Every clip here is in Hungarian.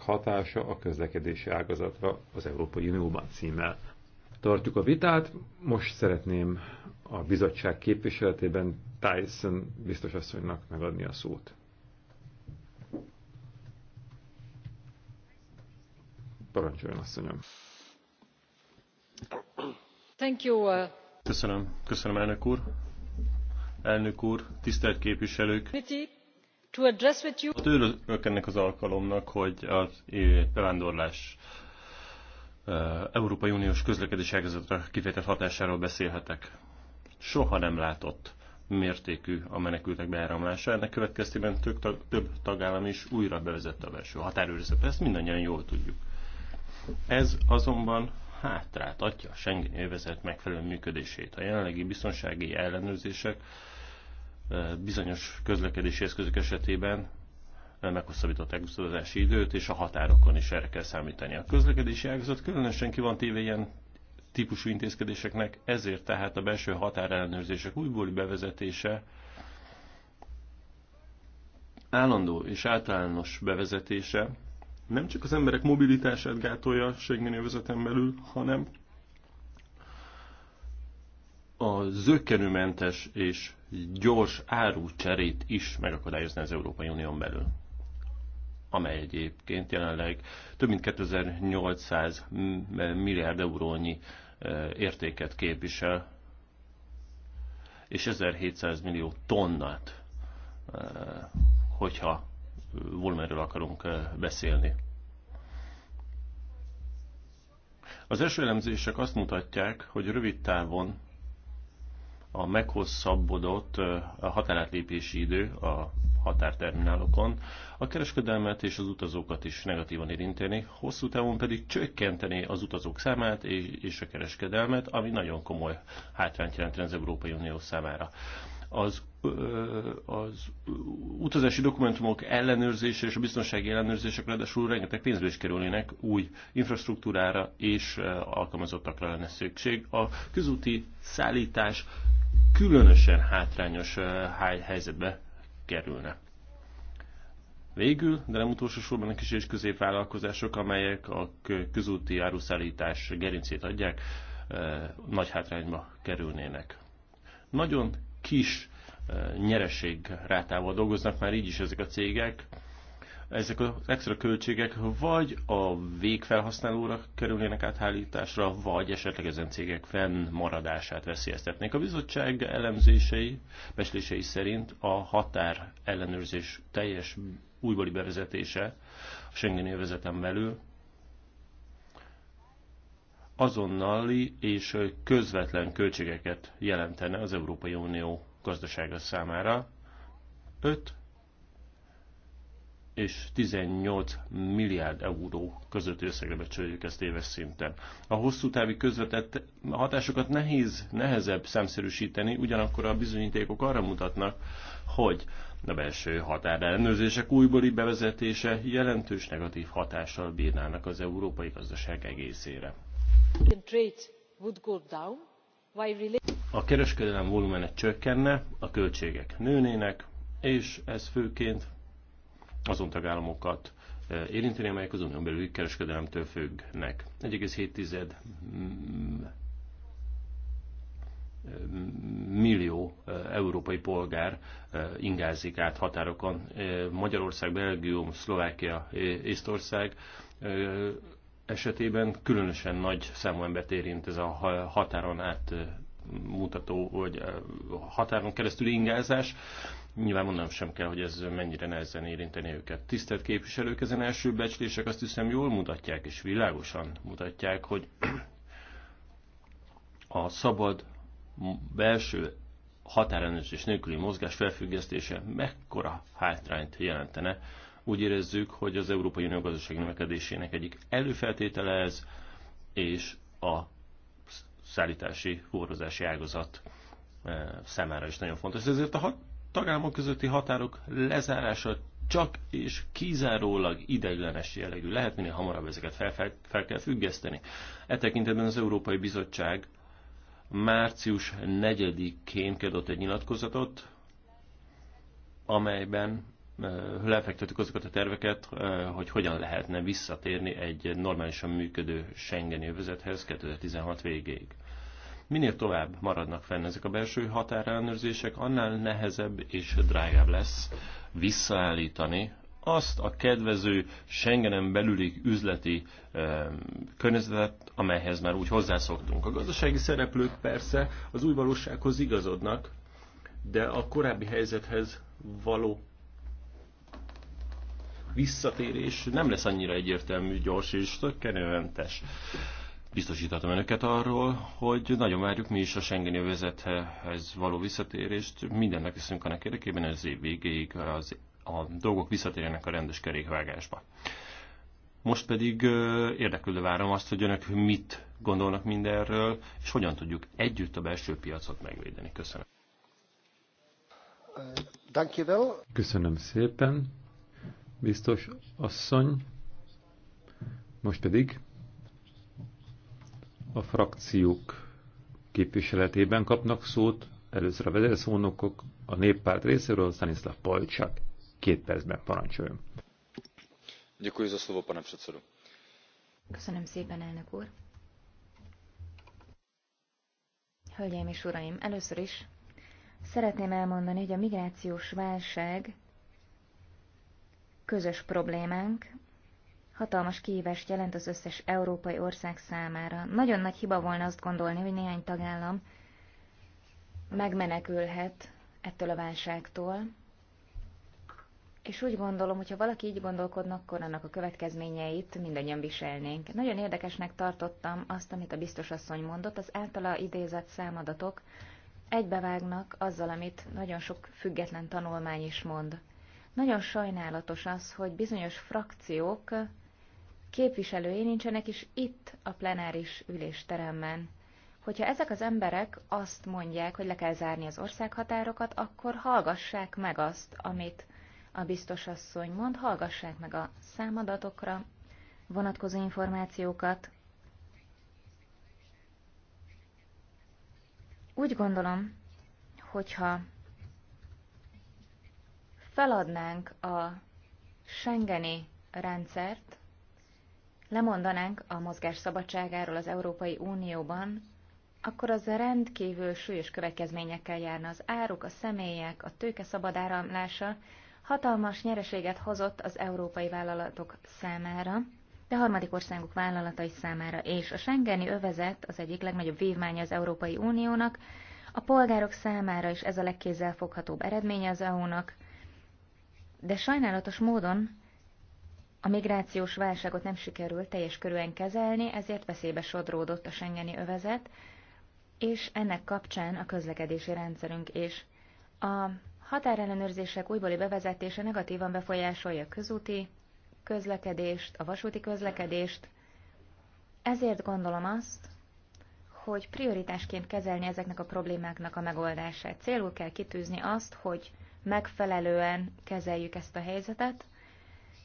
hatása a közlekedési ágazatra az Európai Unióban címmel. Tartjuk a vitát, most szeretném a bizottság képviseletében Tyson biztos asszonynak megadni a szót. Parancsoljon, asszonyom! Thank you. Uh, köszönöm, köszönöm elnök úr. Elnök úr, tisztelt képviselők! Örülök ennek az alkalomnak, hogy a bevándorlás e, Európai Uniós közlekedési ágazatra kifejtett hatásáról beszélhetek. Soha nem látott mértékű a menekültek beáramlása. Ennek következtében több, tag, több tagállam is újra bevezette a belső határőrzetet. Ezt mindannyian jól tudjuk. Ez azonban hátrát adja a Schengen övezet megfelelő működését. A jelenlegi biztonsági ellenőrzések bizonyos közlekedési eszközök esetében meghosszabbították utazási időt, és a határokon is erre kell számítani. A közlekedési ágazat különösen ki van téve ilyen típusú intézkedéseknek, ezért tehát a belső határellenőrzések újbóli bevezetése állandó és általános bevezetése nem csak az emberek mobilitását gátolja Schengen övezeten belül, hanem a zöggenőmentes és gyors árucserét is megakadályozni az Európai Unión belül amely egyébként jelenleg több mint 2800 milliárd eurónyi e, értéket képvisel, és 1700 millió tonnát, e, hogyha volumenről akarunk e, beszélni. Az első elemzések azt mutatják, hogy rövid távon a meghosszabbodott határátlépési idő a határterminálokon a kereskedelmet és az utazókat is negatívan érinteni, hosszú távon pedig csökkenteni az utazók számát és a kereskedelmet, ami nagyon komoly hátrányt jelent az Európai Unió számára. Az, az utazási dokumentumok ellenőrzése és a biztonsági ellenőrzések ráadásul rengeteg pénzbe is kerülnének, új infrastruktúrára és alkalmazottakra lenne szükség. A közúti szállítás különösen hátrányos helyzetbe kerülne. Végül, de nem utolsó sorban a kis és középvállalkozások, amelyek a közúti áruszállítás gerincét adják, nagy hátrányba kerülnének. Nagyon kis nyereség rátával dolgoznak már így is ezek a cégek, ezek az extra költségek vagy a végfelhasználóra kerülnének áthállításra, vagy esetleg ezen cégek fennmaradását veszélyeztetnék. A bizottság elemzései, beslései szerint a határ ellenőrzés teljes újbóli bevezetése a Schengen övezeten belül azonnali és közvetlen költségeket jelentene az Európai Unió gazdasága számára. 5 és 18 milliárd euró közötti összegre becsüljük ezt éves szinten. A hosszú távi közvetett hatásokat nehéz, nehezebb szemszerűsíteni, ugyanakkor a bizonyítékok arra mutatnak, hogy a belső határellenőrzések újbóli bevezetése jelentős negatív hatással bírnának az európai gazdaság egészére. A kereskedelem volumene csökkenne, a költségek nőnének, és ez főként azon tagállamokat eh, érinteni, amelyek az unión belüli kereskedelemtől függnek. 1,7 mm, mm, millió eh, európai polgár eh, ingázik át határokon. Magyarország, Belgium, Szlovákia, Észtország esetében különösen nagy számú embert érint ez a határon át mutató, vagy határon keresztül ingázás. Nyilván mondanom sem kell, hogy ez mennyire nehezen érinteni őket. Tisztelt képviselők, ezen első becslések azt hiszem jól mutatják, és világosan mutatják, hogy a szabad belső határenőzés nélküli mozgás felfüggesztése mekkora hátrányt jelentene. Úgy érezzük, hogy az Európai Unió gazdasági növekedésének egyik előfeltétele ez, és a szállítási, hordozási ágazat e, számára is nagyon fontos. Ezért a tagállamok közötti határok lezárása csak és kizárólag ideiglenes jellegű. Lehet minél hamarabb ezeket fel, fel, fel kell függeszteni. E tekintetben az Európai Bizottság március 4-én kiadott egy nyilatkozatot, amelyben e, lefektettük azokat a terveket, e, hogy hogyan lehetne visszatérni egy normálisan működő Schengen övezethez 2016 végéig. Minél tovább maradnak fenn ezek a belső határellenőrzések, annál nehezebb és drágább lesz visszaállítani azt a kedvező Schengenen belüli üzleti e, környezetet, amelyhez már úgy hozzászoktunk. A gazdasági szereplők persze az új valósághoz igazodnak, de a korábbi helyzethez való visszatérés nem lesz annyira egyértelmű, gyors és tökkenőmentes biztosítatom önöket arról, hogy nagyon várjuk mi is a Schengeni övezethez való visszatérést. Mindennek teszünk annak érdekében, hogy az év végéig az, a dolgok visszatérjenek a rendes kerékvágásba. Most pedig érdeklődve várom azt, hogy önök mit gondolnak mindenről, és hogyan tudjuk együtt a belső piacot megvédeni. Köszönöm. Köszönöm szépen, biztos asszony. Most pedig a frakciók képviseletében kapnak szót, először a vezérszónokok, a néppárt részéről Stanislav Polcsak. Két percben parancsoljon. Děkuji za slovo, pane předsedo. Köszönöm szépen, elnök úr. Hölgyeim és uraim, először is szeretném elmondani, hogy a migrációs válság közös problémánk, hatalmas kihívást jelent az összes európai ország számára. Nagyon nagy hiba volna azt gondolni, hogy néhány tagállam megmenekülhet ettől a válságtól, és úgy gondolom, hogy ha valaki így gondolkodna, akkor annak a következményeit mindannyian viselnénk. Nagyon érdekesnek tartottam azt, amit a biztos asszony mondott, az általa idézett számadatok egybevágnak azzal, amit nagyon sok független tanulmány is mond. Nagyon sajnálatos az, hogy bizonyos frakciók képviselői nincsenek is itt a plenáris ülésteremben. Hogyha ezek az emberek azt mondják, hogy le kell zárni az országhatárokat, akkor hallgassák meg azt, amit a biztos asszony mond, hallgassák meg a számadatokra vonatkozó információkat. Úgy gondolom, hogyha feladnánk a Schengeni rendszert, lemondanánk a mozgás szabadságáról az Európai Unióban, akkor az rendkívül súlyos következményekkel járna az áruk, a személyek, a tőke szabad áramlása, hatalmas nyereséget hozott az európai vállalatok számára, de harmadik országok vállalatai számára, és a Schengeni övezet az egyik legnagyobb vívmánya az Európai Uniónak, a polgárok számára is ez a legkézzelfoghatóbb eredménye az EU-nak, de sajnálatos módon a migrációs válságot nem sikerült teljes körűen kezelni, ezért veszélybe sodródott a Schengeni övezet, és ennek kapcsán a közlekedési rendszerünk is. A határellenőrzések újbóli bevezetése negatívan befolyásolja a közúti közlekedést, a vasúti közlekedést, ezért gondolom azt, hogy prioritásként kezelni ezeknek a problémáknak a megoldását. Célul kell kitűzni azt, hogy megfelelően kezeljük ezt a helyzetet,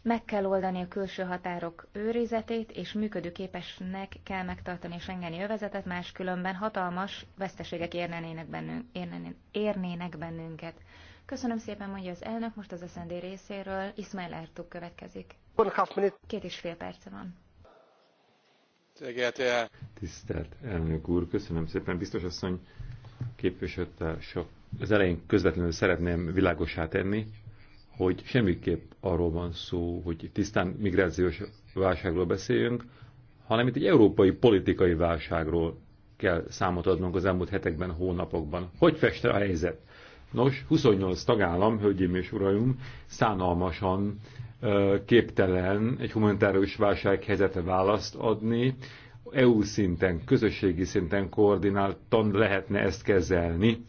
meg kell oldani a külső határok őrizetét, és működőképesnek kell megtartani a Schengeni övezetet, máskülönben hatalmas veszteségek érnének bennünk, érnének bennünket. Köszönöm szépen, mondja az elnök, most az SZND részéről Ismail Ertug következik. Két és fél perce van. Tisztelt elnök úr, köszönöm szépen, biztos asszony képviselőtársak. Az elején közvetlenül szeretném világosá tenni, hogy semmiképp arról van szó, hogy tisztán migrációs válságról beszéljünk, hanem itt egy európai politikai válságról kell számot adnunk az elmúlt hetekben, hónapokban. Hogy fest a helyzet? Nos, 28 tagállam, hölgyeim és uraim, szánalmasan képtelen egy humanitárius válsághelyzetre választ adni. EU szinten, közösségi szinten koordináltan lehetne ezt kezelni,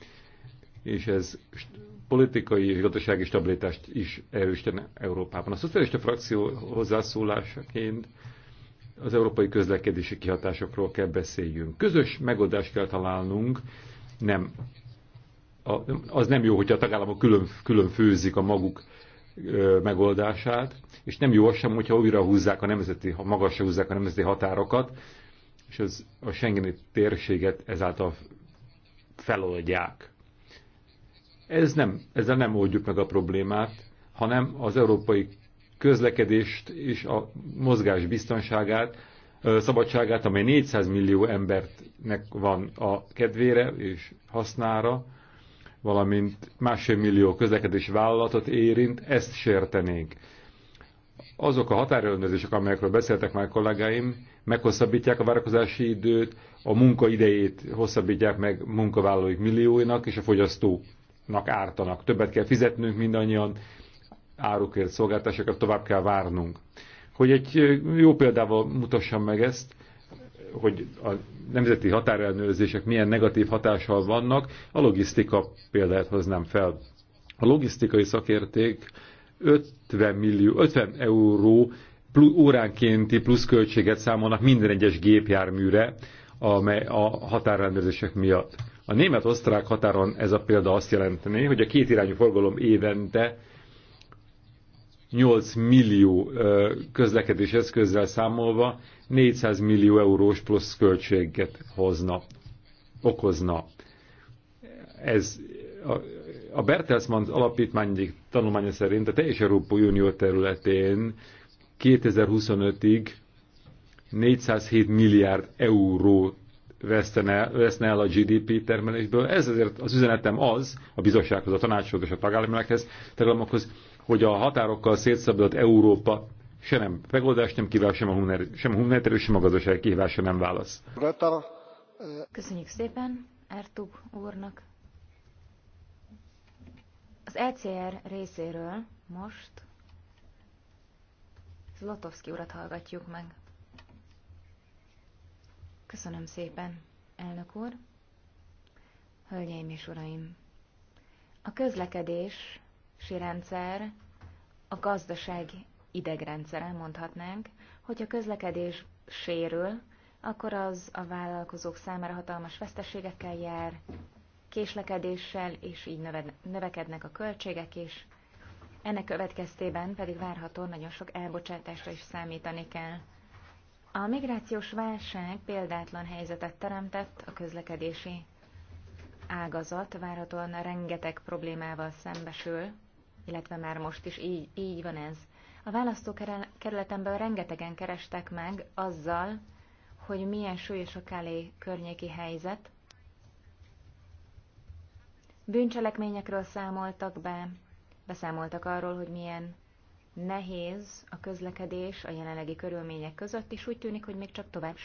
és ez politikai és gazdasági stabilitást is erősítene Európában. A szocialista frakció hozzászólásaként az európai közlekedési kihatásokról kell beszéljünk. Közös megoldást kell találnunk, nem. A, az nem jó, hogyha a tagállamok külön, külön főzik a maguk ö, megoldását, és nem jó az sem, hogyha újra húzzák a nemzeti, ha magasra húzzák a nemzeti határokat, és az, a Schengeni térséget ezáltal feloldják. Ez nem, ezzel nem oldjuk meg a problémát, hanem az európai közlekedést és a mozgás biztonságát, szabadságát, amely 400 millió embertnek van a kedvére és hasznára, valamint másfél millió közlekedés vállalatot érint, ezt sértenénk. Azok a határellenőrzések, amelyekről beszéltek már kollégáim, meghosszabbítják a várakozási időt, a munkaidejét hosszabbítják meg munkavállalóik millióinak és a fogyasztó ártanak. Többet kell fizetnünk mindannyian, árukért, szolgáltásokat tovább kell várnunk. Hogy egy jó példával mutassam meg ezt, hogy a nemzeti határellenőrzések milyen negatív hatással vannak, a logisztika példát hoznám fel. A logisztikai szakérték 50, millió, 50 euró plusz, óránkénti pluszköltséget számolnak minden egyes gépjárműre a, a határrendezések miatt. A német-osztrák határon ez a példa azt jelentené, hogy a két irányú forgalom évente 8 millió közlekedés eszközzel számolva 400 millió eurós plusz költséget hozna, okozna. Ez a, a Bertelsmann alapítmány egyik tanulmánya szerint a teljes Európai Unió területén 2025-ig 407 milliárd euró veszne, veszne el a GDP termelésből. Ez azért az üzenetem az, a bizottsághoz, a tanácshoz és a tagállamokhoz, tagállamokhoz hogy a határokkal szétszabadult Európa se nem megoldás nem kíván, sem a humanitárius, sem a sem a kihívás, sem nem válasz. Köszönjük szépen Ertug úrnak. Az ECR részéről most Zlotowski urat hallgatjuk meg. Köszönöm szépen, elnök úr. Hölgyeim és uraim! A közlekedési rendszer a gazdaság idegrendszere, mondhatnánk, hogyha közlekedés sérül, akkor az a vállalkozók számára hatalmas veszteségekkel jár, késlekedéssel, és így növekednek a költségek is. Ennek következtében pedig várható nagyon sok elbocsátásra is számítani kell. A migrációs válság példátlan helyzetet teremtett a közlekedési ágazat várhatóan rengeteg problémával szembesül, illetve már most is így, így van ez. A választókerületemben rengetegen kerestek meg azzal, hogy milyen súlyos a Kálé környéki helyzet. Bűncselekményekről számoltak be, beszámoltak arról, hogy milyen nehéz a közlekedés a jelenlegi körülmények között, és úgy tűnik, hogy még csak tovább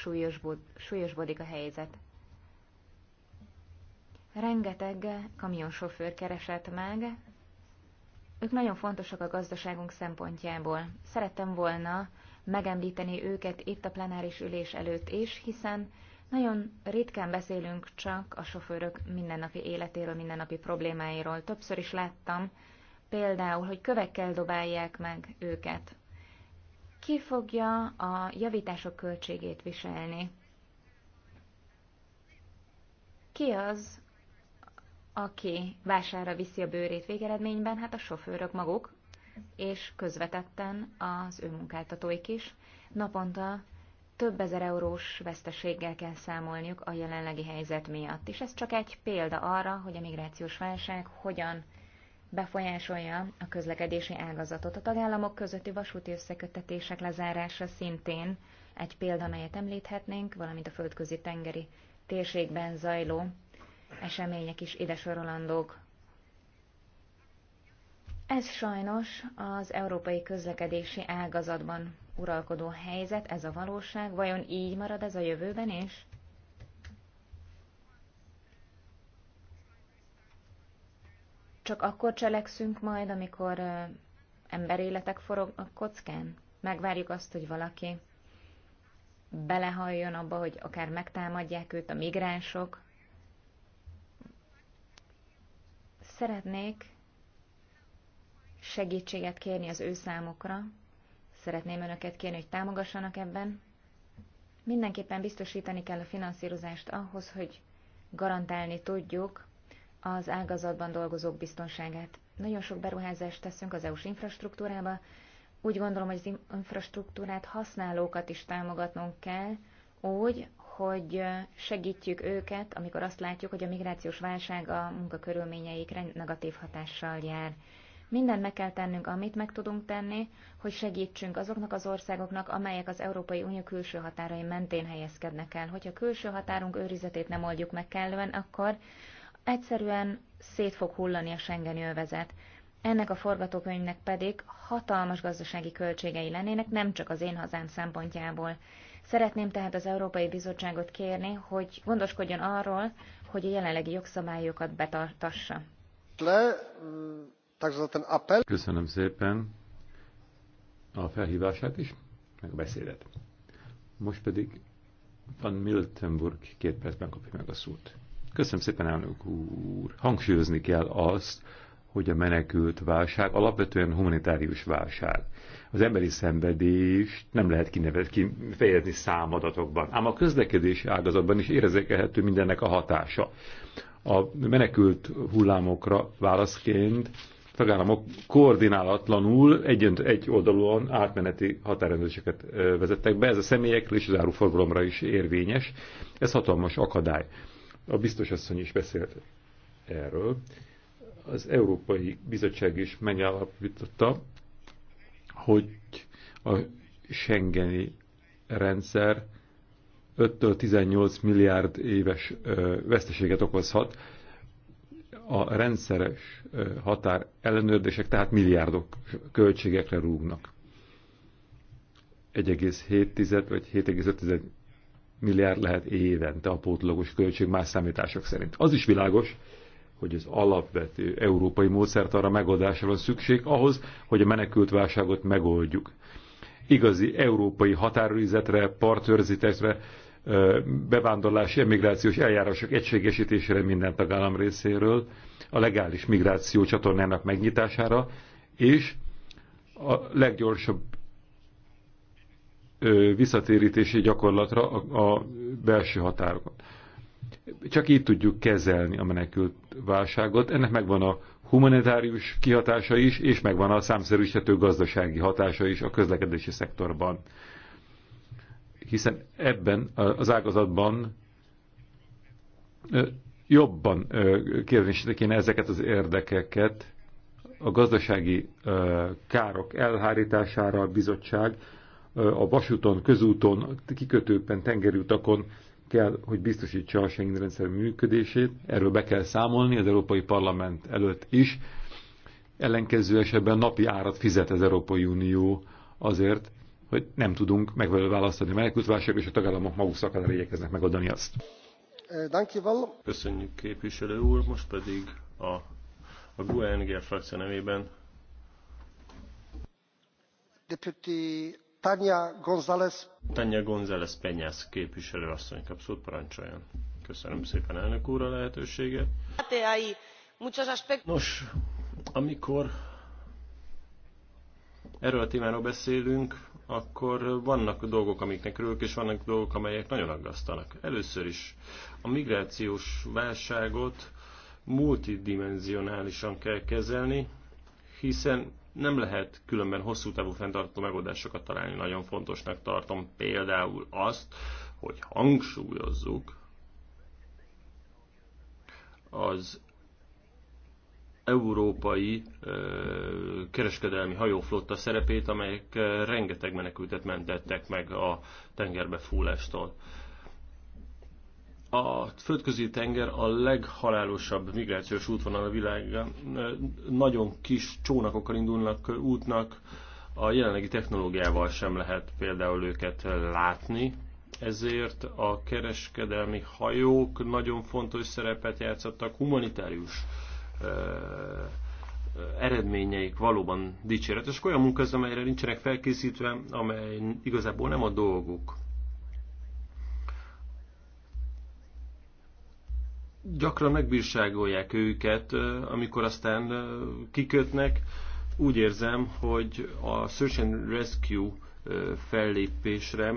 súlyosbodik a helyzet. Rengeteg kamionsofőr keresett meg, ők nagyon fontosak a gazdaságunk szempontjából. Szerettem volna megemlíteni őket itt a plenáris ülés előtt is, hiszen nagyon ritkán beszélünk csak a sofőrök mindennapi életéről, mindennapi problémáiról. Többször is láttam, például, hogy kövekkel dobálják meg őket. Ki fogja a javítások költségét viselni? Ki az, aki vására viszi a bőrét végeredményben? Hát a sofőrök maguk, és közvetetten az ő munkáltatóik is. Naponta több ezer eurós veszteséggel kell számolniuk a jelenlegi helyzet miatt. És ez csak egy példa arra, hogy a migrációs válság hogyan befolyásolja a közlekedési ágazatot. A tagállamok közötti vasúti összekötetések lezárása szintén egy példa, amelyet említhetnénk, valamint a földközi tengeri térségben zajló események is ide sorolandók. Ez sajnos az európai közlekedési ágazatban uralkodó helyzet, ez a valóság, vajon így marad ez a jövőben is? Csak akkor cselekszünk majd, amikor emberéletek forognak kockán? Megvárjuk azt, hogy valaki belehalljon abba, hogy akár megtámadják őt a migránsok. Szeretnék segítséget kérni az ő számokra. Szeretném önöket kérni, hogy támogassanak ebben. Mindenképpen biztosítani kell a finanszírozást ahhoz, hogy garantálni tudjuk az ágazatban dolgozók biztonságát. Nagyon sok beruházást teszünk az EU-s infrastruktúrába, úgy gondolom, hogy az infrastruktúrát használókat is támogatnunk kell, úgy, hogy segítjük őket, amikor azt látjuk, hogy a migrációs válság a munkakörülményeikre negatív hatással jár. Mindent meg kell tennünk, amit meg tudunk tenni, hogy segítsünk azoknak az országoknak, amelyek az Európai Unió külső határai mentén helyezkednek el. Hogyha külső határunk őrizetét nem oldjuk meg kellően, akkor egyszerűen szét fog hullani a Schengeni övezet. Ennek a forgatókönyvnek pedig hatalmas gazdasági költségei lennének, nem csak az én hazám szempontjából. Szeretném tehát az Európai Bizottságot kérni, hogy gondoskodjon arról, hogy a jelenlegi jogszabályokat betartassa. Mm, Köszönöm szépen a felhívását is, meg a beszédet. Most pedig Van Miltenburg két percben kapja meg a szót. Köszönöm szépen, elnök úr. Hangsúlyozni kell azt, hogy a menekült válság alapvetően humanitárius válság. Az emberi szenvedést nem lehet kifejezni számadatokban, ám a közlekedési ágazatban is érzékelhető mindennek a hatása. A menekült hullámokra válaszként tagállamok koordinálatlanul egy, egy oldalon átmeneti határrendezéseket vezettek be, ez a személyekre és az áruforgalomra is érvényes. Ez hatalmas akadály a biztos asszony is beszélt erről, az Európai Bizottság is megállapította, hogy a Schengeni rendszer 5 18 milliárd éves veszteséget okozhat. A rendszeres határ ellenőrzések tehát milliárdok költségekre rúgnak. 1,7 vagy milliárd lehet évente a pótlagos költség más számítások szerint. Az is világos, hogy az alapvető európai módszert arra megoldásra van szükség ahhoz, hogy a menekült válságot megoldjuk. Igazi európai határőrizetre, partőrzítésre, bevándorlási, emigrációs eljárások egységesítésére minden tagállam részéről, a legális migráció csatornának megnyitására, és a leggyorsabb visszatérítési gyakorlatra a, a belső határokat. Csak így tudjuk kezelni a menekült válságot. Ennek megvan a humanitárius kihatása is, és megvan a számszerűsíthető gazdasági hatása is a közlekedési szektorban. Hiszen ebben az ágazatban jobban kérdésítek én ezeket az érdekeket, a gazdasági károk elhárítására a bizottság a vasúton, közúton, kikötőkben, tengerútakon kell, hogy biztosítsa a Schengen rendszer működését. Erről be kell számolni az Európai Parlament előtt is. Ellenkező esetben napi árat fizet az Európai Unió azért, hogy nem tudunk megfelelő választani a menekültválság, és a tagállamok maguk szakadára igyekeznek megadani azt. Köszönjük képviselő úr, most pedig a, a GUE-NGL frakció nevében Deputy Tania González. Tania González Penyász képviselőasszony kapszót parancsoljon. Köszönöm szépen elnök úr a lehetőséget. Nos, amikor erről a témáról beszélünk, akkor vannak dolgok, amiknek örülök, és vannak dolgok, amelyek nagyon aggasztanak. Először is a migrációs válságot multidimensionálisan kell kezelni, hiszen nem lehet különben hosszú távú fenntartó megoldásokat találni. Nagyon fontosnak tartom például azt, hogy hangsúlyozzuk az európai ö, kereskedelmi hajóflotta szerepét, amelyek ö, rengeteg menekültet mentettek meg a tengerbe fúlástól. Ö, a földközi tenger a leghalálosabb migrációs útvonal a világon. Nagyon kis csónakokkal indulnak útnak, a jelenlegi technológiával sem lehet például őket látni, ezért a kereskedelmi hajók nagyon fontos szerepet játszottak, humanitárius eredményeik valóban dicséretes. olyan munka amelyre nincsenek felkészítve, amely igazából nem a dolguk. gyakran megbírságolják őket, amikor aztán kikötnek. Úgy érzem, hogy a Search and Rescue fellépésre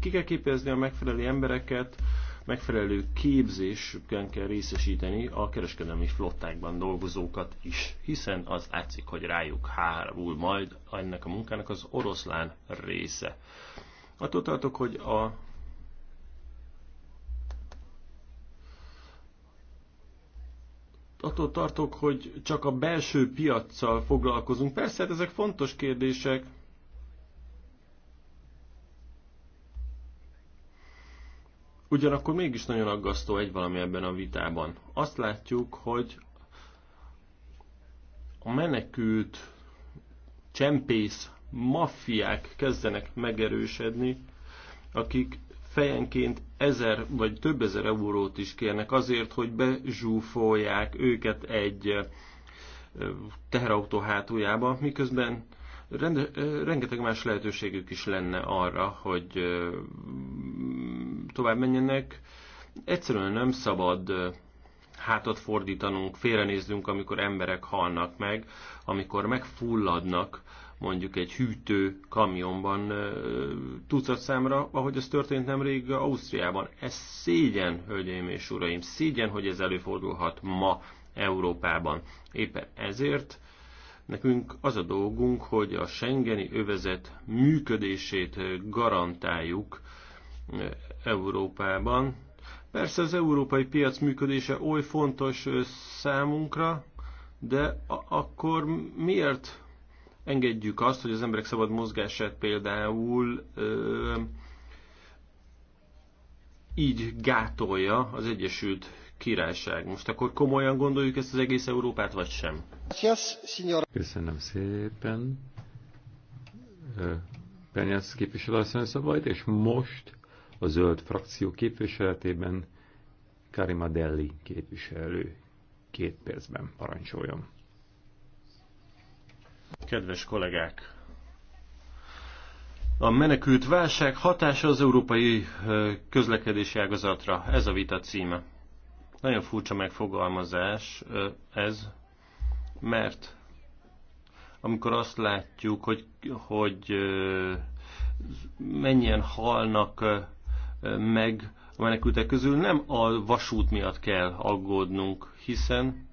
ki kell képezni a megfelelő embereket, megfelelő képzésükön kell részesíteni a kereskedelmi flottákban dolgozókat is, hiszen az látszik, hogy rájuk hárul majd ennek a munkának az oroszlán része. Attól tartok, hogy a attól tartok, hogy csak a belső piaccal foglalkozunk. Persze, hát ezek fontos kérdések. Ugyanakkor mégis nagyon aggasztó egy valami ebben a vitában. Azt látjuk, hogy a menekült csempész maffiák kezdenek megerősedni, akik fejenként ezer vagy több ezer eurót is kérnek azért, hogy bezsúfolják őket egy teherautó hátuljába, miközben rengeteg más lehetőségük is lenne arra, hogy tovább menjenek. Egyszerűen nem szabad hátat fordítanunk, félrenézzünk, amikor emberek halnak meg, amikor megfulladnak mondjuk egy hűtő kamionban számra, ahogy ez történt nemrég Ausztriában. Ez szégyen, hölgyeim és uraim, szégyen, hogy ez előfordulhat ma Európában. Éppen ezért nekünk az a dolgunk, hogy a Schengeni övezet működését garantáljuk Európában. Persze az európai piac működése oly fontos számunkra, de akkor miért engedjük azt, hogy az emberek szabad mozgását például ö, így gátolja az Egyesült Királyság. Most akkor komolyan gondoljuk ezt az egész Európát, vagy sem? Köszönöm szépen. Penyász képviselő asszony szabad, és most a zöld frakció képviseletében Karima Delli képviselő két percben parancsoljon. Kedves kollégák! A menekült válság hatása az európai közlekedési ágazatra. Ez a vita címe. Nagyon furcsa megfogalmazás ez, mert amikor azt látjuk, hogy, hogy mennyien halnak meg a menekültek közül, nem a vasút miatt kell aggódnunk, hiszen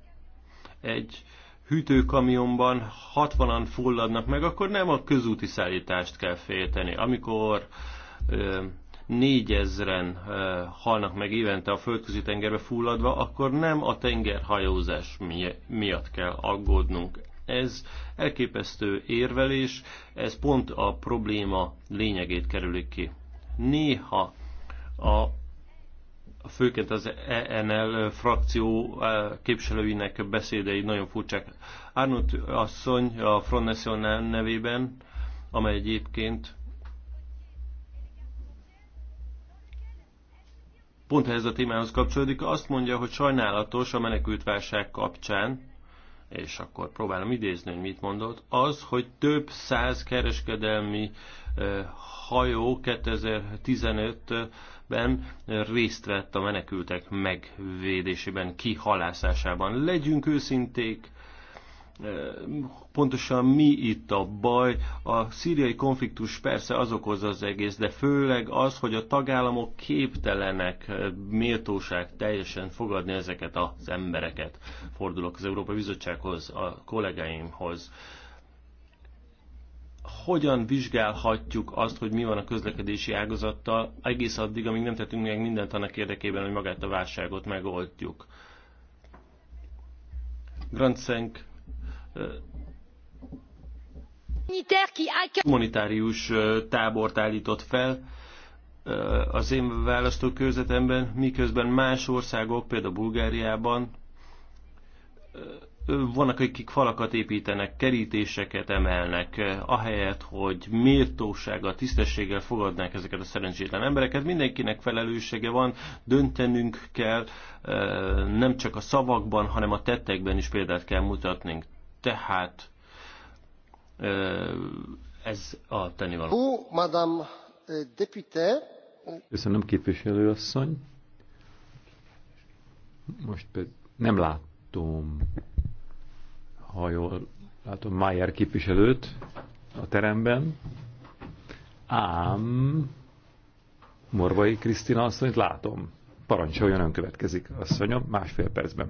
egy hűtőkamionban 60-an fulladnak meg, akkor nem a közúti szállítást kell félteni. Amikor ö, négyezren ö, halnak meg évente a földközi tengerbe fulladva, akkor nem a tengerhajózás miatt kell aggódnunk. Ez elképesztő érvelés, ez pont a probléma lényegét kerülik ki. Néha a főként az ENL frakció eh, képviselőinek beszédei nagyon furcsák. Arnott asszony a Front National nevében, amely egyébként pont ehhez a témához kapcsolódik, azt mondja, hogy sajnálatos a menekültválság kapcsán, és akkor próbálom idézni, hogy mit mondott, az, hogy több száz kereskedelmi hajó 2015-ben részt vett a menekültek megvédésében, kihalászásában. Legyünk őszinték, pontosan mi itt a baj. A szíriai konfliktus persze az okozza az egész, de főleg az, hogy a tagállamok képtelenek méltóság teljesen fogadni ezeket az embereket. Fordulok az Európai Bizottsághoz, a kollégáimhoz. Hogyan vizsgálhatjuk azt, hogy mi van a közlekedési ágazattal, egész addig, amíg nem tettünk meg mindent annak érdekében, hogy magát a válságot megoldjuk. Senk humanitárius tábort állított fel az én választókörzetemben, miközben más országok, például Bulgáriában vannak, akik falakat építenek, kerítéseket emelnek, ahelyett, hogy méltósággal, tisztességgel fogadnák ezeket a szerencsétlen embereket. Mindenkinek felelőssége van, döntenünk kell, nem csak a szavakban, hanem a tettekben is példát kell mutatnunk. Tehát ez a tennivaló. Madame député. Köszönöm, asszony. Most pedig nem látom, ha jól látom, Mayer képviselőt a teremben. Ám Morvai Krisztina asszonyt látom. Parancsoljon, ön következik, asszonyom, másfél percben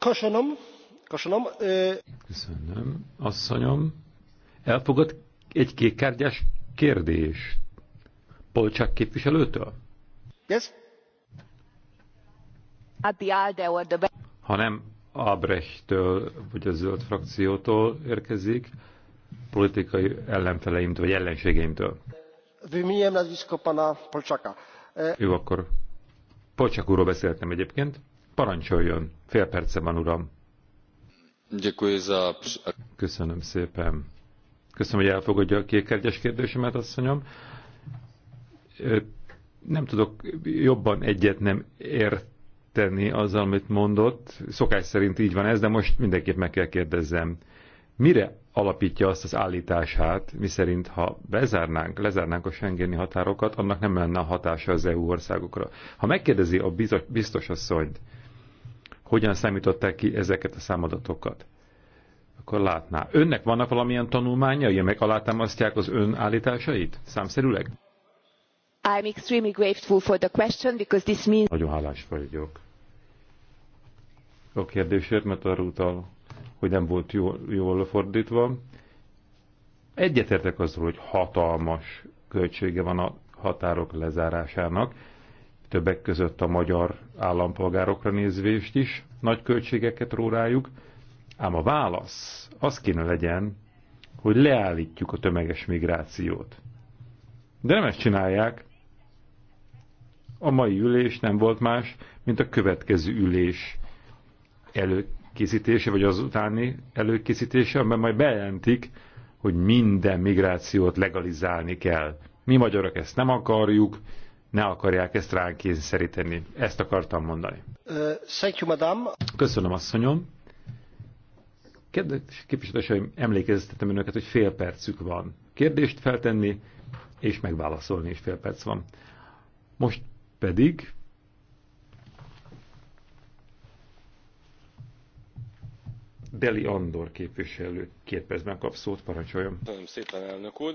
Köszönöm. Köszönöm. Köszönöm. Asszonyom, elfogad egy kékkártyás kérdést Polcsák képviselőtől? Yes. Hát ha nem Abrechtől vagy a zöld frakciótól érkezik, politikai ellenfeleimtől vagy ellenségeimtől. Polcsaka. E, Jó, akkor Polcsák úrról beszéltem egyébként. Parancsoljon, fél perce van, uram. Köszönöm szépen. Köszönöm, hogy elfogadja a kékkártyás kérdésemet, asszonyom. Nem tudok jobban egyet nem érteni azzal, amit mondott. Szokás szerint így van ez, de most mindenképp meg kell kérdezzem. Mire alapítja azt az állítását, miszerint ha bezárnánk, lezárnánk a Schengeni határokat, annak nem lenne a hatása az EU országokra. Ha megkérdezi a biztos asszonyt, hogyan számították ki ezeket a számadatokat. Akkor látná. Önnek vannak valamilyen tanulmányai, amelyek alátámasztják az ön állításait? Számszerűleg? I'm extremely grateful for the question because this means... Nagyon hálás vagyok a kérdésért, mert arra utal, hogy nem volt jól, jól fordítva. Egyetértek azról, hogy hatalmas költsége van a határok lezárásának, többek között a magyar állampolgárokra nézvést is, nagy költségeket rórájuk, ám a válasz az kéne legyen, hogy leállítjuk a tömeges migrációt. De nem ezt csinálják. A mai ülés nem volt más, mint a következő ülés előkészítése, vagy az utáni előkészítése, amiben majd bejelentik, hogy minden migrációt legalizálni kell. Mi magyarok ezt nem akarjuk, ne akarják ezt ránk kényszeríteni. Ezt akartam mondani. Uh, thank you, Köszönöm, asszonyom. Kedves képviselőseim, emlékeztetem önöket, hogy fél percük van kérdést feltenni, és megválaszolni is fél perc van. Most pedig Deli Andor képviselő két percben kap szót, parancsoljon. Köszönöm szépen, elnök úr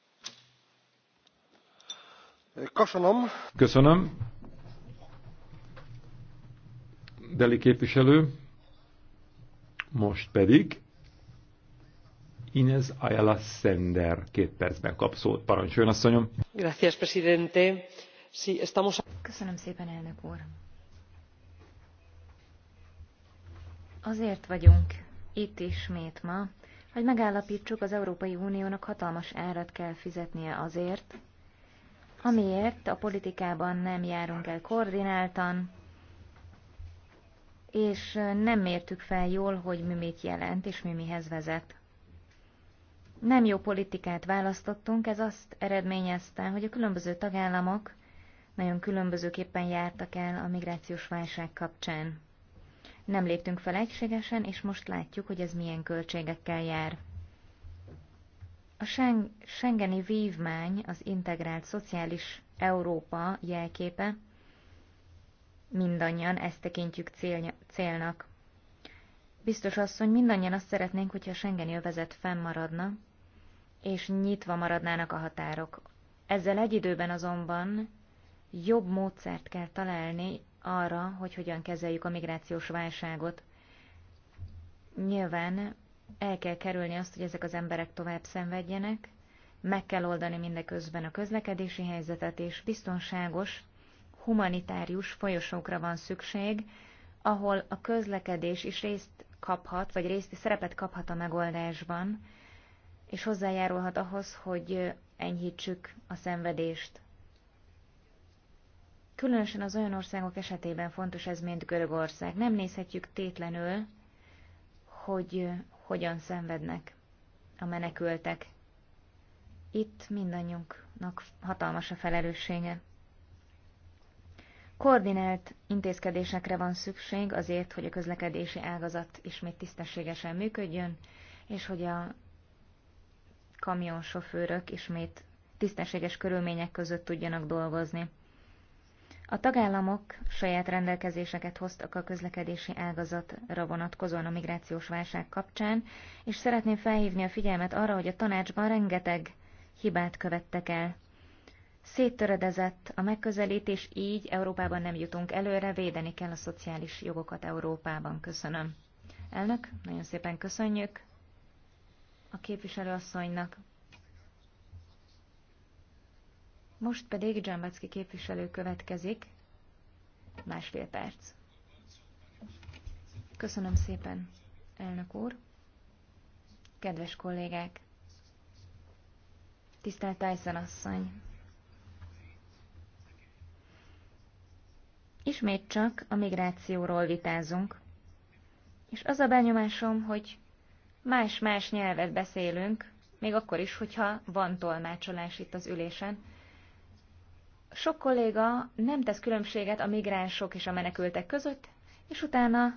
Köszönöm. Köszönöm. Deli képviselő. Most pedig Inez Ayala Sender két percben kap szót. Parancsoljon, asszonyom. Gracias, presidente. Sí, estamos... Köszönöm szépen, elnök úr. Azért vagyunk itt ismét ma, hogy megállapítsuk, az Európai Uniónak hatalmas árat kell fizetnie azért, amiért a politikában nem járunk el koordináltan, és nem mértük fel jól, hogy mi mit jelent és mi mihez vezet. Nem jó politikát választottunk, ez azt eredményezte, hogy a különböző tagállamok nagyon különbözőképpen jártak el a migrációs válság kapcsán. Nem léptünk fel egységesen, és most látjuk, hogy ez milyen költségekkel jár. A Schengeni vívmány az integrált szociális Európa jelképe, mindannyian ezt tekintjük célnak. Biztos asszony, mindannyian azt szeretnénk, hogyha a Schengeni övezet fennmaradna, és nyitva maradnának a határok. Ezzel egy időben azonban jobb módszert kell találni arra, hogy hogyan kezeljük a migrációs válságot. Nyilván el kell kerülni azt, hogy ezek az emberek tovább szenvedjenek, meg kell oldani mindeközben a közlekedési helyzetet, és biztonságos, humanitárius folyosókra van szükség, ahol a közlekedés is részt kaphat, vagy részt, szerepet kaphat a megoldásban, és hozzájárulhat ahhoz, hogy enyhítsük a szenvedést. Különösen az olyan országok esetében fontos ez, mint Görögország. Nem nézhetjük tétlenül, hogy hogyan szenvednek a menekültek. Itt mindannyiunknak hatalmas a felelőssége. Koordinált intézkedésekre van szükség azért, hogy a közlekedési ágazat ismét tisztességesen működjön, és hogy a kamionsofőrök ismét tisztességes körülmények között tudjanak dolgozni. A tagállamok saját rendelkezéseket hoztak a közlekedési ágazatra vonatkozóan a migrációs válság kapcsán, és szeretném felhívni a figyelmet arra, hogy a tanácsban rengeteg hibát követtek el. Széttöredezett a megközelítés, így Európában nem jutunk előre, védeni kell a szociális jogokat Európában. Köszönöm. Elnök, nagyon szépen köszönjük a képviselőasszonynak. Most pedig Dzsambacki képviselő következik. Másfél perc. Köszönöm szépen, elnök úr. Kedves kollégák! Tisztelt Tyson asszony! Ismét csak a migrációról vitázunk. És az a benyomásom, hogy más-más nyelvet beszélünk, még akkor is, hogyha van tolmácsolás itt az ülésen. Sok kolléga nem tesz különbséget a migránsok és a menekültek között, és utána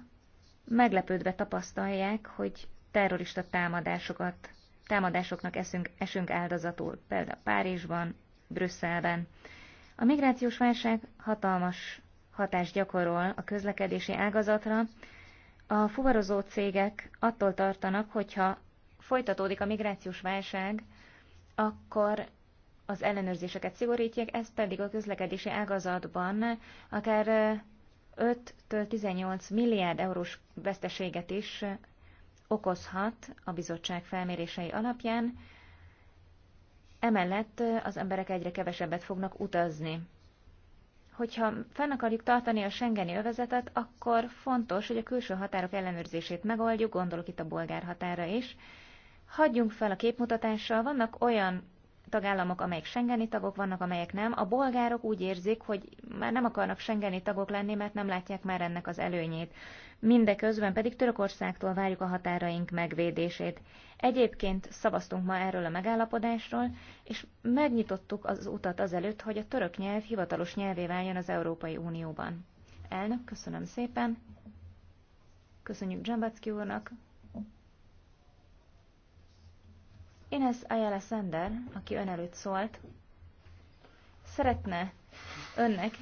meglepődve tapasztalják, hogy terrorista támadásokat, támadásoknak eszünk, esünk áldozatul, például Párizsban, Brüsszelben. A migrációs válság hatalmas hatást gyakorol a közlekedési ágazatra. A fuvarozó cégek attól tartanak, hogyha folytatódik a migrációs válság, akkor az ellenőrzéseket szigorítják, ez pedig a közlekedési ágazatban akár 5-től 18 milliárd eurós veszteséget is okozhat a bizottság felmérései alapján. Emellett az emberek egyre kevesebbet fognak utazni. Hogyha fenn akarjuk tartani a Schengeni övezetet, akkor fontos, hogy a külső határok ellenőrzését megoldjuk, gondolok itt a bolgár határa is. Hagyjunk fel a képmutatással, vannak olyan tagállamok, amelyek Schengeni tagok vannak, amelyek nem. A bolgárok úgy érzik, hogy már nem akarnak Schengeni tagok lenni, mert nem látják már ennek az előnyét. Mindeközben pedig Törökországtól várjuk a határaink megvédését. Egyébként szavaztunk ma erről a megállapodásról, és megnyitottuk az utat azelőtt, hogy a török nyelv hivatalos nyelvé váljon az Európai Unióban. Elnök, köszönöm szépen. Köszönjük Dzsambacki úrnak, Ines Ayala Sender, aki ön előtt szólt, szeretne önnek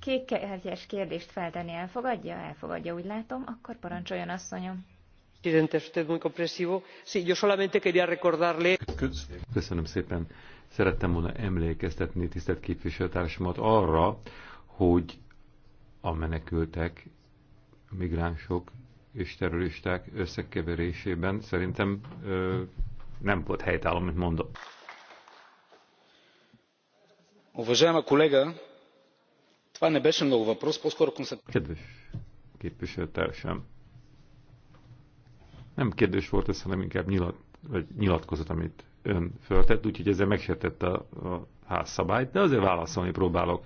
kékkártyás kérdést feltenni. Elfogadja? Elfogadja, úgy látom. Akkor parancsoljon, asszonyom. Köszönöm szépen. Szerettem volna emlékeztetni tisztelt képviselőtársamat arra, hogy a menekültek, migránsok és terroristák összekeverésében szerintem ö, nem volt helytálló, mint mondom. Уважаема колега, това не беше много въпрос, по-скоро Kedves képviselőtársam, nem kérdés volt ez, hanem inkább nyilat, vagy nyilatkozat, amit ön föltett, úgyhogy ezzel megsértette a, a házszabályt, de azért válaszolni próbálok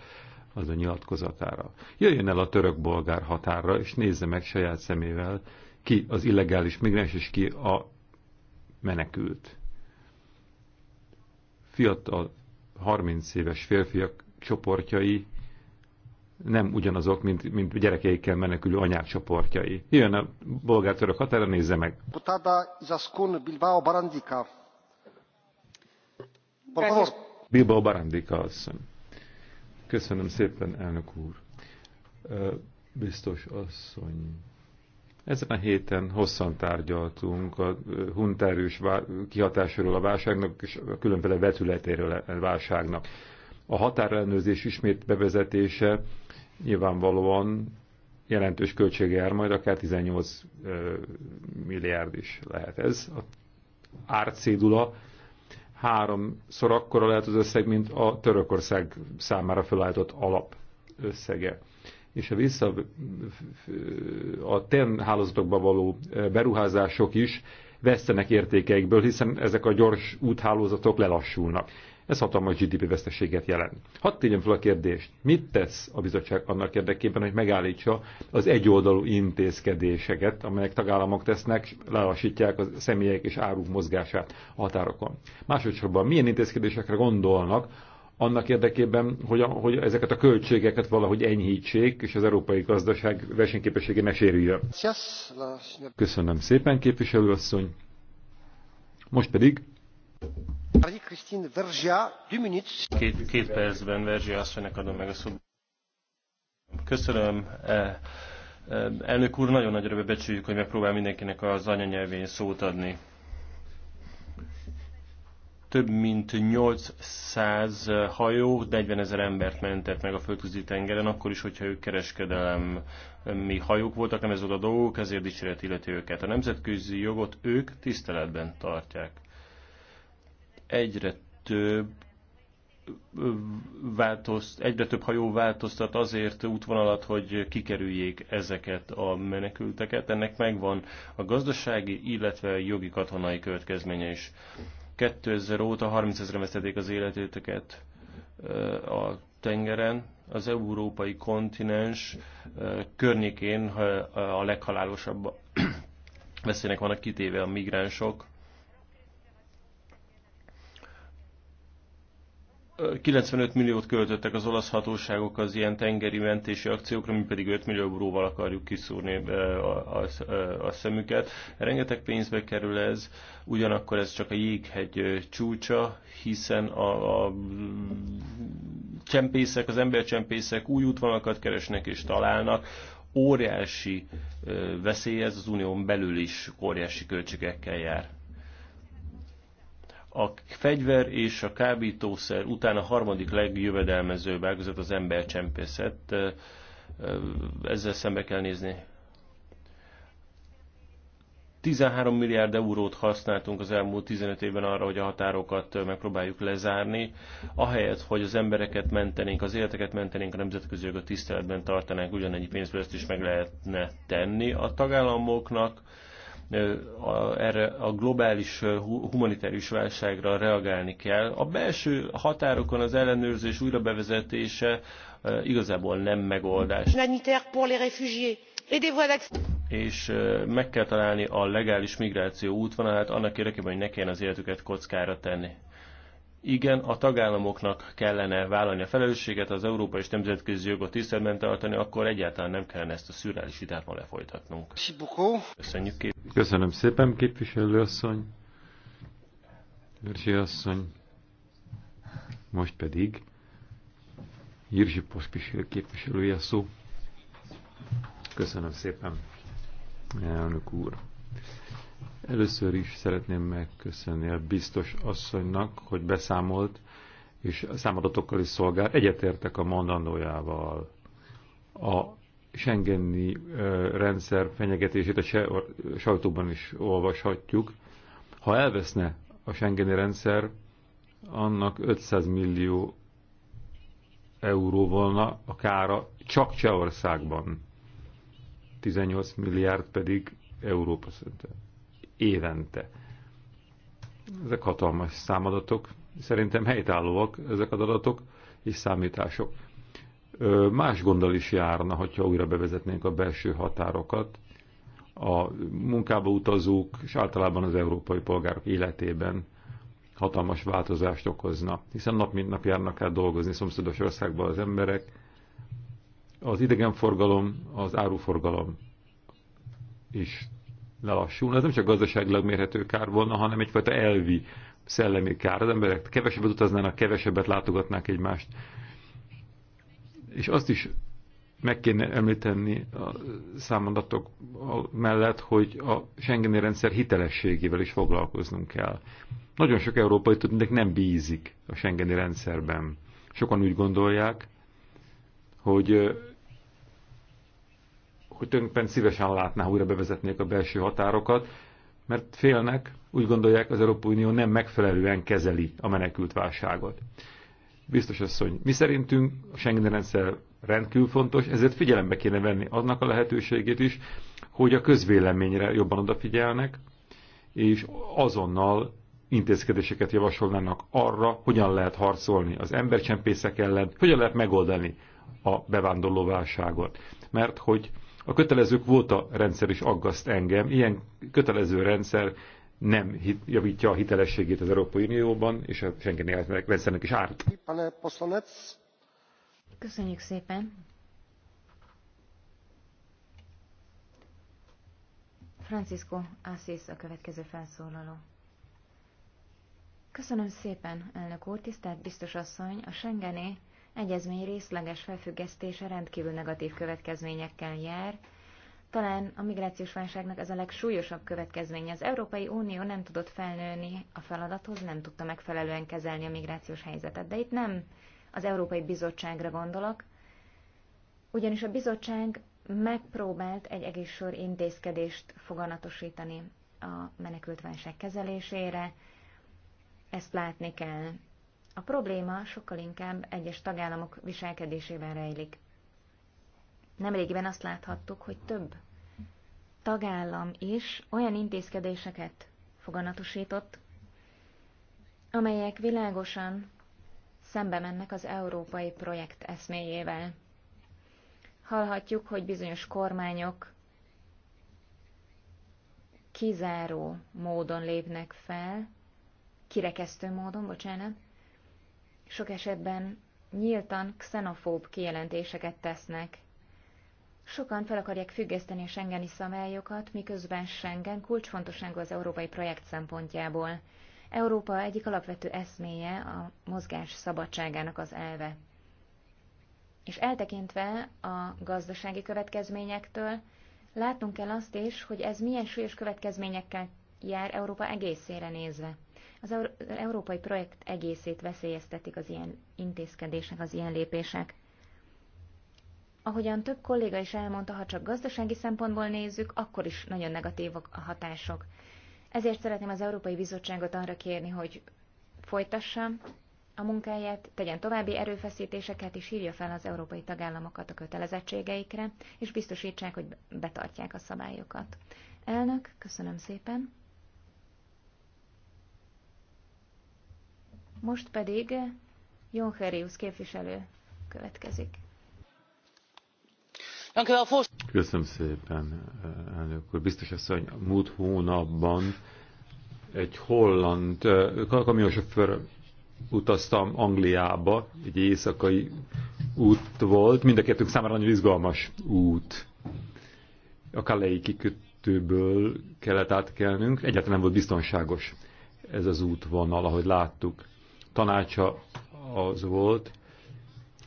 az a nyilatkozatára. Jöjjön el a török-bolgár határra, és nézze meg saját szemével, ki az illegális migráns, és ki a menekült. Fiatal 30 éves férfiak csoportjai nem ugyanazok, mint, mint gyerekeikkel menekülő anyák csoportjai. Jön a bolgár-török határa, nézze meg. Bilbao Barandika. Bilbao Barandika asszony. Köszönöm szépen, elnök úr. Biztos asszony. Ezen a héten hosszan tárgyaltunk a hunterős kihatásról a válságnak és a különböző vetületéről a e-, válságnak. A határellenőrzés ismét bevezetése nyilvánvalóan jelentős költsége jár majd, akár 18 milliárd is lehet ez. A árcédula háromszor akkora lehet az összeg, mint a Törökország számára felállított alap összege és a vissza a TEN hálózatokba való beruházások is vesztenek értékeikből, hiszen ezek a gyors úthálózatok lelassulnak. Ez hatalmas GDP veszteséget jelent. Hadd tegyem fel a kérdést, mit tesz a bizottság annak érdekében, hogy megállítsa az egyoldalú intézkedéseket, amelyek tagállamok tesznek, lelassítják a személyek és áruk mozgását a határokon. Másodszorban milyen intézkedésekre gondolnak annak érdekében, hogy, a, hogy ezeket a költségeket valahogy enyhítsék, és az európai gazdaság versenyképessége ne sérüljön. Köszönöm szépen, képviselőasszony. Most pedig... Két, két percben Verzsia asszonynak adom meg a szót. Köszönöm. E, e, elnök úr, nagyon nagyra becsüljük, hogy megpróbál mindenkinek az anyanyelvén szót adni több mint 800 hajó 40 ezer embert mentett meg a földközi tengeren, akkor is, hogyha ők kereskedelem mi hajók voltak, nem ez volt a dolguk, ezért dicséret illeti őket. A nemzetközi jogot ők tiszteletben tartják. Egyre több változt, egyre több hajó változtat azért útvonalat, hogy kikerüljék ezeket a menekülteket. Ennek megvan a gazdasági, illetve jogi katonai következménye is. 2000 óta 30 ezeren vesztették az életéteket a tengeren, az európai kontinens környékén a leghalálosabb veszélynek vannak kitéve a migránsok. 95 milliót költöttek az olasz hatóságok az ilyen tengeri mentési akciókra, mi pedig 5 millió euróval akarjuk kiszúrni a, a, a szemüket. Rengeteg pénzbe kerül ez, ugyanakkor ez csak a jéghegy csúcsa, hiszen a, a csempészek, az embercsempészek új útvonalakat keresnek és találnak, óriási veszély ez az unión belül is óriási költségekkel jár a fegyver és a kábítószer után a harmadik legjövedelmezőbb ágazat az embercsempészet. Ezzel szembe kell nézni. 13 milliárd eurót használtunk az elmúlt 15 évben arra, hogy a határokat megpróbáljuk lezárni, ahelyett, hogy az embereket mentenénk, az életeket mentenénk, a nemzetközi jogot tiszteletben tartanánk, ugyanennyi pénzből ezt is meg lehetne tenni. A tagállamoknak erre a globális humanitárius válságra reagálni kell. A belső határokon az ellenőrzés újrabevezetése igazából nem megoldás. És meg kell találni a legális migráció útvonalát annak érdekében, hogy ne kelljen az életüket kockára tenni. Igen, a tagállamoknak kellene vállalni a felelősséget, az európai és nemzetközi jogot tiszteletben tartani, akkor egyáltalán nem kellene ezt a szürreális vitát ma lefolytatnunk. Köszönjük kép. Köszönöm szépen, képviselőasszony. Őrsi asszony. Most pedig Jirzsi Poszpisil képviselője szó. Köszönöm szépen, elnök úr. Először is szeretném megköszönni a biztos asszonynak, hogy beszámolt, és számadatokkal is szolgál. Egyetértek a mondandójával. A Schengeni rendszer fenyegetését a sajtóban is olvashatjuk. Ha elveszne a Schengeni rendszer, annak 500 millió euró volna a kára csak Csehországban. 18 milliárd pedig Európa szinten évente. Ezek hatalmas számadatok, szerintem helytállóak ezek az adatok és számítások. Más gonddal is járna, hogyha újra bevezetnénk a belső határokat, a munkába utazók és általában az európai polgárok életében hatalmas változást okozna, hiszen nap mint nap járnak el dolgozni szomszédos országba az emberek. Az idegenforgalom, az áruforgalom is lelassul. Ez nem csak gazdaságilag mérhető kár volna, hanem egyfajta elvi szellemi kár. Az emberek kevesebbet utaznának, kevesebbet látogatnák egymást. És azt is meg kéne említeni a számadatok mellett, hogy a Schengeni rendszer hitelességével is foglalkoznunk kell. Nagyon sok európai tudnék nem bízik a Schengeni rendszerben. Sokan úgy gondolják, hogy hogy tulajdonképpen szívesen látná, ha újra bevezetnék a belső határokat, mert félnek, úgy gondolják, az Európai Unió nem megfelelően kezeli a menekült válságot. Biztos asszony, mi szerintünk a Schengen rendszer rendkívül fontos, ezért figyelembe kéne venni annak a lehetőségét is, hogy a közvéleményre jobban odafigyelnek, és azonnal intézkedéseket javasolnának arra, hogyan lehet harcolni az embercsempészek ellen, hogyan lehet megoldani a bevándorló válságot. Mert hogy a kötelező kvóta rendszer is aggaszt engem. Ilyen kötelező rendszer nem hit, javítja a hitelességét az Európai Unióban, és a Schengen rendszernek is árt. Köszönjük szépen! Francisco Assis a következő felszólaló. Köszönöm szépen, elnök úr, tisztelt biztos asszony, a Schengeni egyezmény részleges felfüggesztése rendkívül negatív következményekkel jár. Talán a migrációs válságnak ez a legsúlyosabb következménye. Az Európai Unió nem tudott felnőni a feladathoz, nem tudta megfelelően kezelni a migrációs helyzetet. De itt nem az Európai Bizottságra gondolok, ugyanis a bizottság megpróbált egy egész sor intézkedést foganatosítani a menekültválság kezelésére, ezt látni kell. A probléma sokkal inkább egyes tagállamok viselkedésében rejlik. Nemrégiben azt láthattuk, hogy több tagállam is olyan intézkedéseket foganatosított, amelyek világosan szembe mennek az európai projekt eszméjével. Hallhatjuk, hogy bizonyos kormányok kizáró módon lépnek fel, kirekesztő módon, bocsánat, sok esetben nyíltan xenofób kijelentéseket tesznek. Sokan fel akarják függeszteni a Schengeni szabályokat, miközben Schengen kulcsfontosságú az európai projekt szempontjából. Európa egyik alapvető eszméje a mozgás szabadságának az elve. És eltekintve a gazdasági következményektől, látnunk kell azt is, hogy ez milyen súlyos következményekkel jár Európa egészére nézve. Az európai projekt egészét veszélyeztetik az ilyen intézkedések, az ilyen lépések. Ahogyan több kolléga is elmondta, ha csak gazdasági szempontból nézzük, akkor is nagyon negatívak a hatások. Ezért szeretném az Európai Bizottságot arra kérni, hogy folytassa a munkáját, tegyen további erőfeszítéseket, és hívja fel az európai tagállamokat a kötelezettségeikre, és biztosítsák, hogy betartják a szabályokat. Elnök, köszönöm szépen. Most pedig Jonherius képviselő következik. Köszönöm szépen, elnök úr. Biztos asszony, múlt hónapban egy holland kamionsofőr utaztam Angliába, egy éjszakai út volt, mind a kettőnk számára nagyon izgalmas út. A Kalei kikötőből kellett átkelnünk, egyáltalán nem volt biztonságos ez az útvonal, ahogy láttuk tanácsa az volt,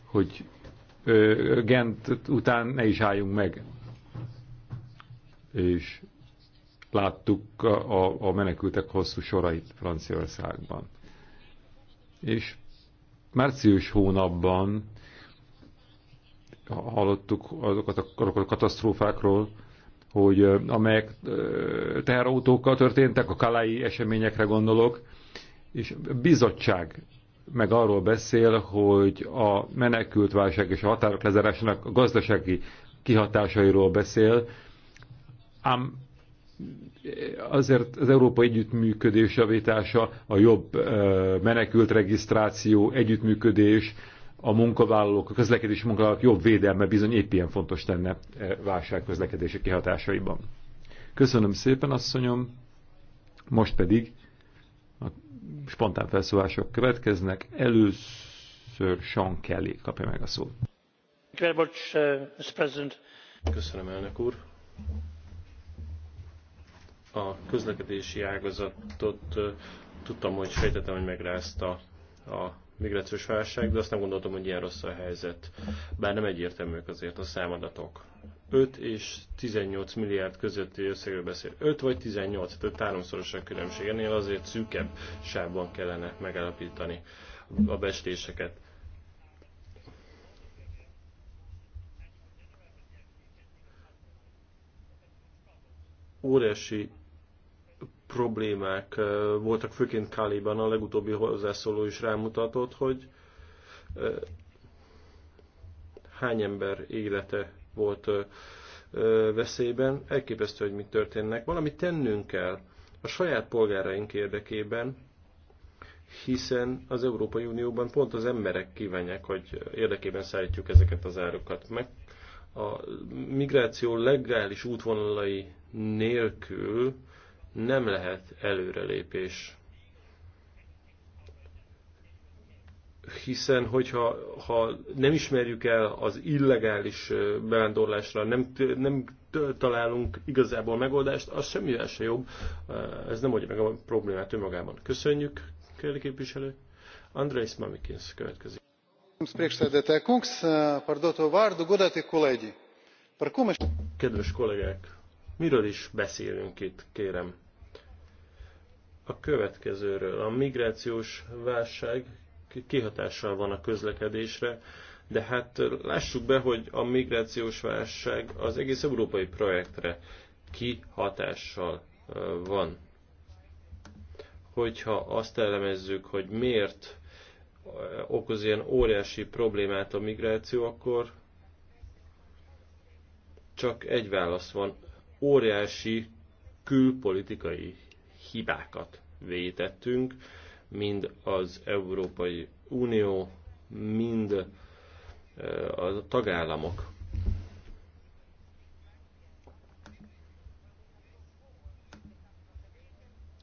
hogy ö, Gent után ne is álljunk meg. És láttuk a, a menekültek hosszú sorait Franciaországban. És március hónapban hallottuk azokat a, azokat a katasztrófákról, hogy amelyek teherautókkal történtek, a kalai eseményekre gondolok, és a bizottság meg arról beszél, hogy a menekültválság és a határok lezárásának a gazdasági kihatásairól beszél, ám azért az európai együttműködés javítása, a jobb menekült regisztráció, együttműködés, a munkavállalók, a közlekedési munkavállalók jobb védelme bizony épp ilyen fontos lenne válság közlekedési kihatásaiban. Köszönöm szépen, asszonyom. Most pedig spontán felszólások következnek. Először Sean Kelly kapja meg a szót. Uh, Köszönöm, elnök úr. A közlekedési ágazatot uh, tudtam, hogy sejtettem, hogy megrázta a migrációs válság, de azt nem gondoltam, hogy ilyen rossz a helyzet. Bár nem egyértelműek azért a számadatok. 5 és 18 milliárd közötti összegről beszél. 5 vagy 18, tehát háromszoros a különbség. Ennél azért szűkebb sávban kellene megállapítani a bestéseket. Óriási problémák voltak, főként Káliban, a legutóbbi hozzászóló is rámutatott, hogy hány ember élete volt veszélyben. Elképesztő, hogy mi történnek. Valamit tennünk kell a saját polgáraink érdekében, hiszen az Európai Unióban pont az emberek kívánják, hogy érdekében szállítjuk ezeket az árukat. Meg a migráció legális útvonalai nélkül nem lehet előrelépés. Hiszen, hogyha ha nem ismerjük el az illegális bevándorlásra, nem, nem találunk igazából megoldást, az semmivel se jobb. Ez nem oldja meg a problémát önmagában. Köszönjük, kérdő képviselő. Andrész Mamikins következik. Kedves kollégák, miről is beszélünk itt, kérem? a következőről. A migrációs válság kihatással van a közlekedésre, de hát lássuk be, hogy a migrációs válság az egész európai projektre kihatással van. Hogyha azt elemezzük, hogy miért okoz ilyen óriási problémát a migráció, akkor csak egy válasz van. Óriási külpolitikai hibákat vétettünk, mind az Európai Unió, mind eh, a tagállamok.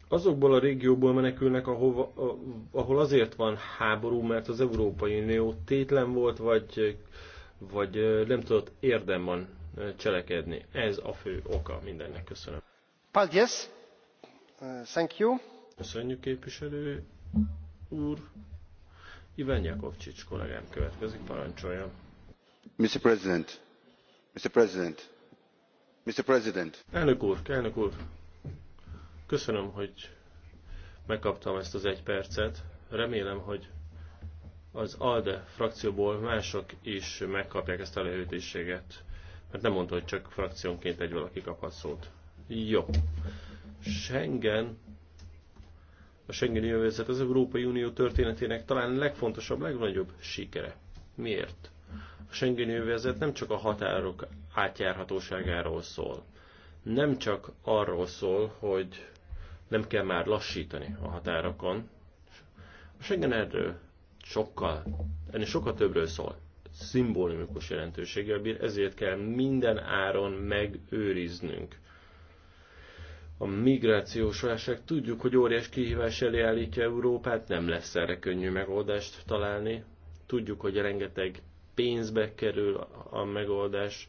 Azokból a régióból menekülnek, ahova, ahol azért van háború, mert az Európai Unió tétlen volt, vagy, vagy eh, nem tudott érdemben eh, cselekedni. Ez a fő oka mindennek. Köszönöm. Paldies. Uh, Köszönjük képviselő úr. Iván Jakovcsics kollégám következik, parancsoljon. Mr. President, Mr. President, Mr. President. Elnök úr, elnök úr, köszönöm, hogy megkaptam ezt az egy percet. Remélem, hogy az ALDE frakcióból mások is megkapják ezt a lehetőséget, mert nem mondta, hogy csak frakciónként egy valaki kaphat szót. Jó. Schengen, a Schengeni övezet az Európai Unió történetének talán legfontosabb, legnagyobb sikere. Miért? A Schengeni övezet nem csak a határok átjárhatóságáról szól, nem csak arról szól, hogy nem kell már lassítani a határokon. A Schengen erről sokkal, ennél sokkal többről szól szimbolikus jelentőséggel bír, ezért kell minden áron megőriznünk a migrációs válság tudjuk, hogy óriás kihívás elé állítja Európát, nem lesz erre könnyű megoldást találni. Tudjuk, hogy rengeteg pénzbe kerül a megoldás,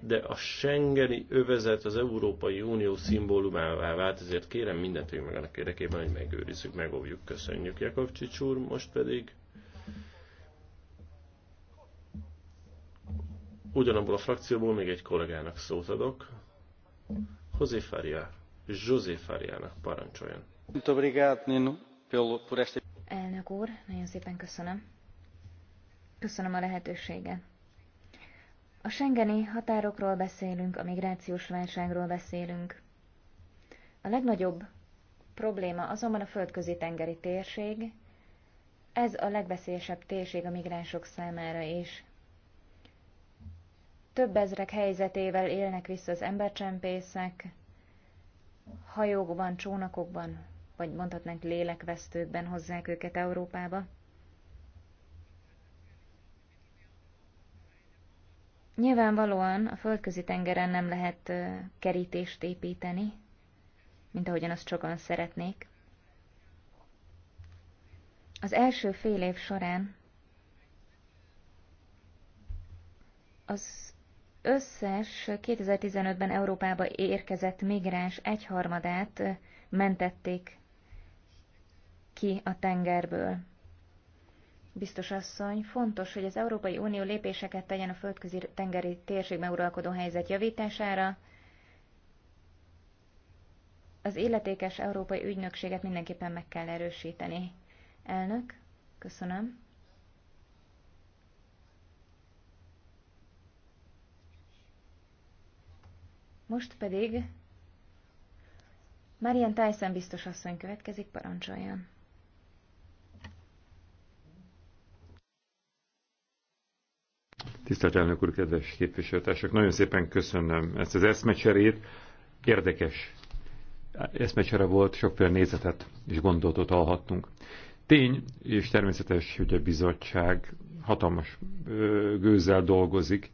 de a Schengeni övezet az Európai Unió szimbólumává vált, ezért kérem mindent tegyünk meg annak érdekében, hogy megőrizzük, megóvjuk. Köszönjük, Jakovcsics úr, most pedig ugyanabból a frakcióból még egy kollégának szót adok. José Faria, José Fariának parancsoljon. Elnök úr, nagyon szépen köszönöm. Köszönöm a lehetőséget. A Schengeni határokról beszélünk, a migrációs válságról beszélünk. A legnagyobb probléma azonban a földközi tengeri térség, ez a legveszélyesebb térség a migránsok számára és. Több ezrek helyzetével élnek vissza az embercsempészek, hajókban, csónakokban, vagy mondhatnánk lélekvesztőkben hozzák őket Európába. Nyilvánvalóan a földközi tengeren nem lehet kerítést építeni, mint ahogyan azt sokan szeretnék. Az első fél év során az összes 2015-ben Európába érkezett migráns egyharmadát mentették ki a tengerből. Biztos asszony, fontos, hogy az Európai Unió lépéseket tegyen a földközi tengeri térségben uralkodó helyzet javítására. Az illetékes európai ügynökséget mindenképpen meg kell erősíteni. Elnök, köszönöm. Most pedig Marian Tyson biztos asszony következik, parancsoljon. Tisztelt elnök úr, kedves képviselőtársak, nagyon szépen köszönöm ezt az eszmecserét. Érdekes eszmecsere volt, sokféle nézetet és gondolatot hallhattunk. Tény, és természetes, hogy a bizottság hatalmas gőzzel dolgozik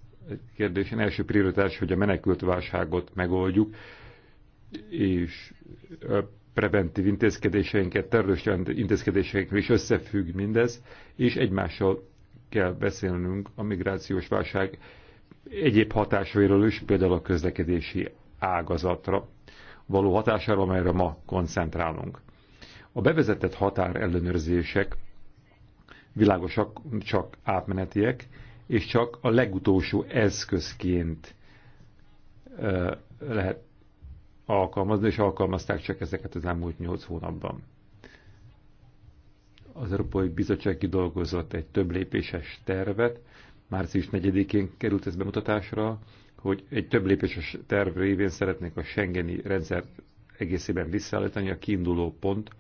kérdésen első prioritás, hogy a menekült válságot megoldjuk, és a preventív intézkedéseinket, terrorist intézkedéseinkkel is összefügg mindez, és egymással kell beszélnünk a migrációs válság egyéb hatásairól is, például a közlekedési ágazatra való hatására, amelyre ma koncentrálunk. A bevezetett határellenőrzések világosak, csak átmenetiek, és csak a legutolsó eszközként lehet alkalmazni, és alkalmazták csak ezeket az elmúlt nyolc hónapban. Az Európai Bizottság kidolgozott egy több lépéses tervet, március 4-én került ez bemutatásra, hogy egy több lépéses terv révén szeretnék a Schengeni rendszer egészében visszaállítani. A kiinduló pont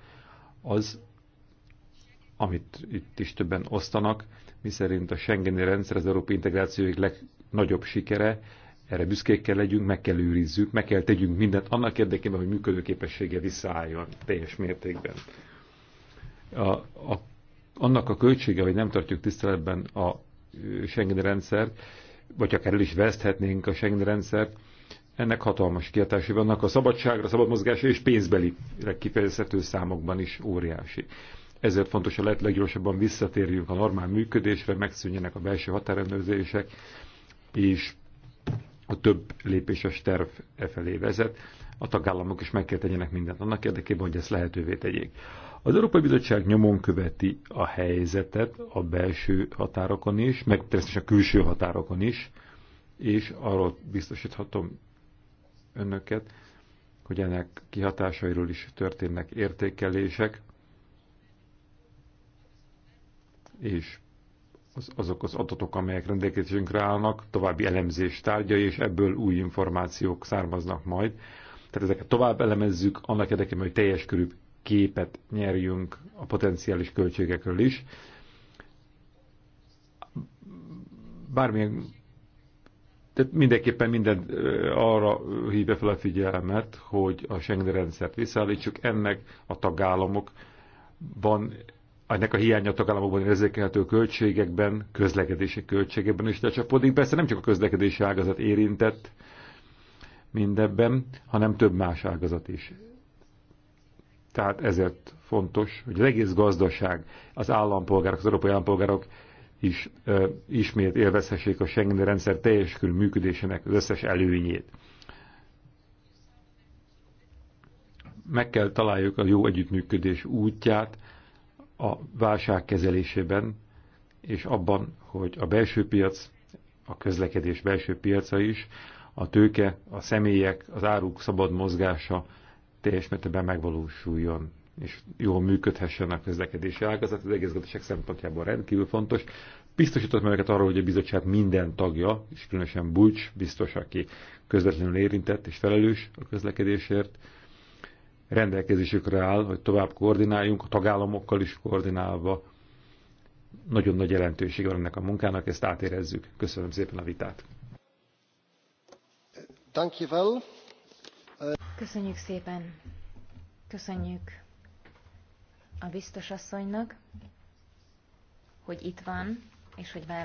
az, amit itt is többen osztanak, miszerint a Schengeni rendszer az európai integráció egyik legnagyobb sikere, erre büszkék kell legyünk, meg kell őrizzük, meg kell tegyünk mindent annak érdekében, hogy működőképessége visszaálljon teljes mértékben. A, a, annak a költsége, hogy nem tartjuk tiszteletben a Schengeni rendszert, vagy akár el is veszthetnénk a Schengeni rendszert, ennek hatalmas kiadásai vannak a szabadságra, a szabad mozgásra és pénzbeli kifejezhető számokban is óriási. Ezért fontos, hogy lehet leggyorsabban visszatérjünk a normál működésre, megszűnjenek a belső határendőzések és a több lépéses terv e felé vezet. A tagállamok is meg kell tegyenek mindent annak érdekében, hogy ezt lehetővé tegyék. Az Európai Bizottság nyomon követi a helyzetet a belső határokon is, meg természetesen a külső határokon is, és arról biztosíthatom önöket, hogy ennek kihatásairól is történnek értékelések, és az, azok az adatok, amelyek rendelkezésünkre állnak, további elemzés tárgyai, és ebből új információk származnak majd. Tehát ezeket tovább elemezzük, annak érdekében, hogy teljes körű képet nyerjünk a potenciális költségekről is. Bármilyen, tehát mindenképpen minden arra hívja fel a figyelmet, hogy a Schengen rendszert visszaállítsuk. Ennek a tagállamokban ennek a hiánya a tagállamokban érzékelhető költségekben, közlekedési költségekben is lecsapódik. Persze nem csak a közlekedési ágazat érintett mindebben, hanem több más ágazat is. Tehát ezért fontos, hogy az egész gazdaság, az állampolgárok, az európai állampolgárok is ö, e, ismét élvezhessék a Schengen rendszer teljes körű működésének az összes előnyét. Meg kell találjuk a jó együttműködés útját, a válság kezelésében, és abban, hogy a belső piac, a közlekedés belső piaca is, a tőke, a személyek, az áruk szabad mozgása teljes mértékben megvalósuljon, és jól működhessen a közlekedési ágazat, az egész gazdaság szempontjából rendkívül fontos. Biztosított meg őket arról, hogy a bizottság minden tagja, és különösen Bulcs biztos, aki közvetlenül érintett és felelős a közlekedésért, rendelkezésükre áll, hogy tovább koordináljunk, a tagállamokkal is koordinálva. Nagyon nagy jelentőség van ennek a munkának, ezt átérezzük. Köszönöm szépen a vitát. Köszönjük szépen. Köszönjük a biztos asszonynak, hogy itt van, és hogy vár